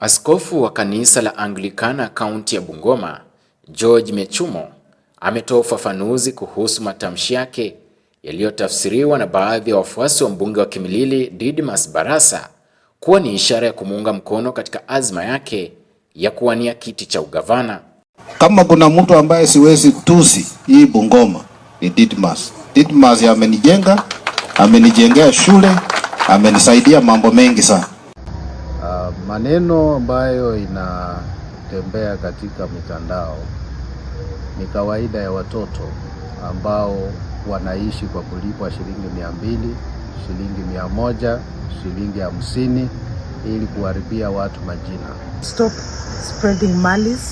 Askofu wa kanisa la Anglikana kaunti ya Bungoma, George Mechumo ametoa ufafanuzi kuhusu matamshi yake yaliyotafsiriwa na baadhi ya wafuasi wa mbunge wa Kimilili Didmas Barasa kuwa ni ishara ya kumuunga mkono katika azma yake ya kuwania kiti cha ugavana. Kama kuna mtu ambaye siwezi tusi hii Bungoma ni Didmas. Didmas amenijenga, amenijengea shule, amenisaidia mambo mengi sana. Maneno ambayo inatembea katika mitandao ni kawaida ya watoto ambao wanaishi kwa kulipwa shilingi mia mbili, shilingi mia moja, shilingi hamsini ili kuharibia watu majina. Stop spreading malice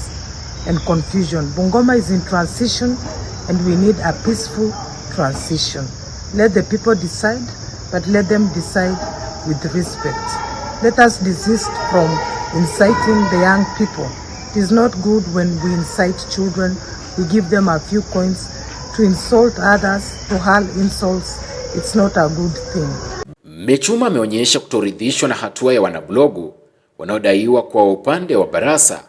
and confusion. Bungoma is in transition and we need a peaceful transition. Let the people decide, but let them decide with respect. Let us desist from inciting the young people. It is not good when we incite children, we give them a few coins to insult others, to hurl insults. It's not a good thing. Mechuma ameonyesha kutoridhishwa na hatua ya wanablogu wanaodaiwa kwa upande wa Barasa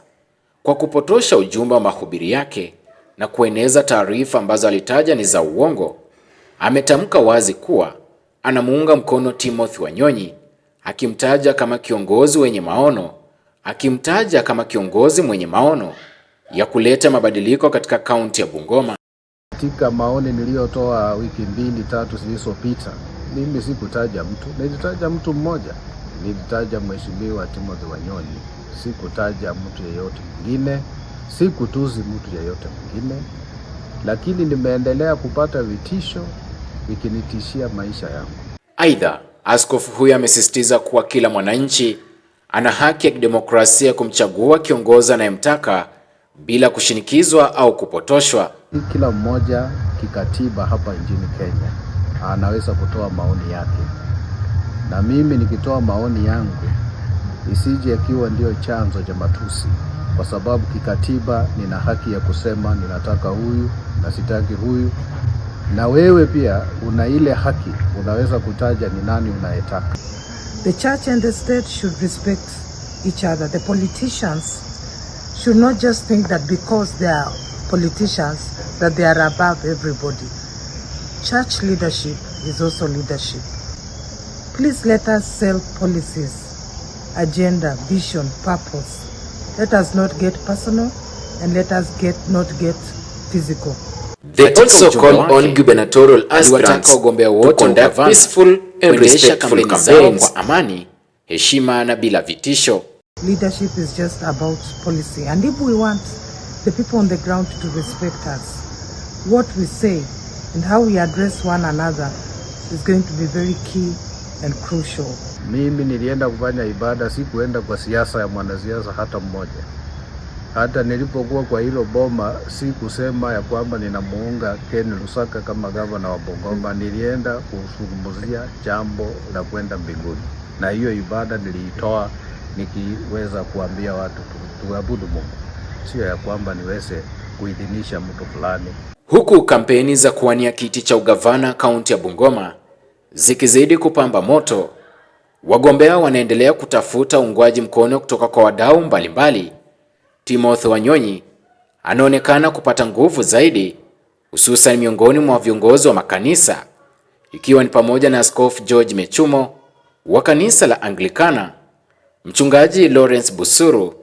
kwa kupotosha ujumbe wa mahubiri yake na kueneza taarifa ambazo alitaja ni za uongo. Ametamka wazi kuwa anamuunga mkono Timothy Wanyonyi akimtaja kama kiongozi wenye maono, akimtaja kama kiongozi mwenye maono ya kuleta mabadiliko katika kaunti ya Bungoma. Katika maoni niliyotoa wiki mbili tatu zilizopita, mimi sikutaja mtu, nilitaja mtu mmoja, nilitaja Mheshimiwa Timothy Wanyoni, sikutaja mtu yeyote mwingine, sikutuzi mtu yeyote mwingine, lakini nimeendelea kupata vitisho vikinitishia maisha yangu. Aidha, Askofu huyo amesisitiza kuwa kila mwananchi ana haki ya kidemokrasia ya kumchagua kiongozi anayemtaka bila kushinikizwa au kupotoshwa. Kila mmoja kikatiba hapa nchini Kenya anaweza kutoa maoni yake, na mimi nikitoa maoni yangu isije akiwa ndio chanzo cha matusi, kwa sababu kikatiba nina haki ya kusema ninataka huyu na sitaki huyu, na wewe pia una ile haki, unaweza kutaja ni nani unayetaka. The church and the state should respect each other. The politicians should not just think that because they are politicians that they are above everybody. Church leadership is also leadership. Please let us sell policies, agenda, vision, purpose. Let us not get personal and let us get not get physical. They also call on gubernatorial aspirants to conduct peaceful and respectful campaigns kwa amani, heshima na bila vitisho. Leadership is just about policy and if we want the people on the ground to respect us, what we say and how we address one another is going to be very key and crucial. Mimi nilienda kufanya ibada, sikuenda kwa siasa ya mwanasiasa hata mmoja. Hata nilipokuwa kwa hilo boma, si kusema ya kwamba ninamuunga Ken Lusaka kama gavana wa Bungoma. Nilienda kuzungumzia jambo la kwenda mbinguni, na hiyo ibada niliitoa nikiweza kuambia watu tuabudu Mungu, sio ya kwamba niweze kuidhinisha mtu fulani. Huku kampeni za kuwania kiti cha ugavana kaunti ya Bungoma zikizidi kupamba moto, wagombea wanaendelea kutafuta uungwaji mkono kutoka kwa wadau mbalimbali Timothy Wanyonyi anaonekana kupata nguvu zaidi, hususan miongoni mwa viongozi wa makanisa ikiwa ni pamoja na Askofu George Mechumo wa kanisa la Anglikana, Mchungaji Lawrence Busuru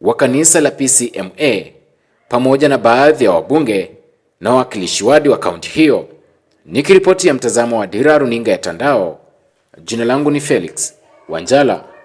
wa kanisa la PCMA pamoja na baadhi ya wabunge na wawakilishi wadi wa kaunti hiyo. Nikiripoti ya mtazamo wa Dira Runinga ya Tandao, jina langu ni Felix Wanjala.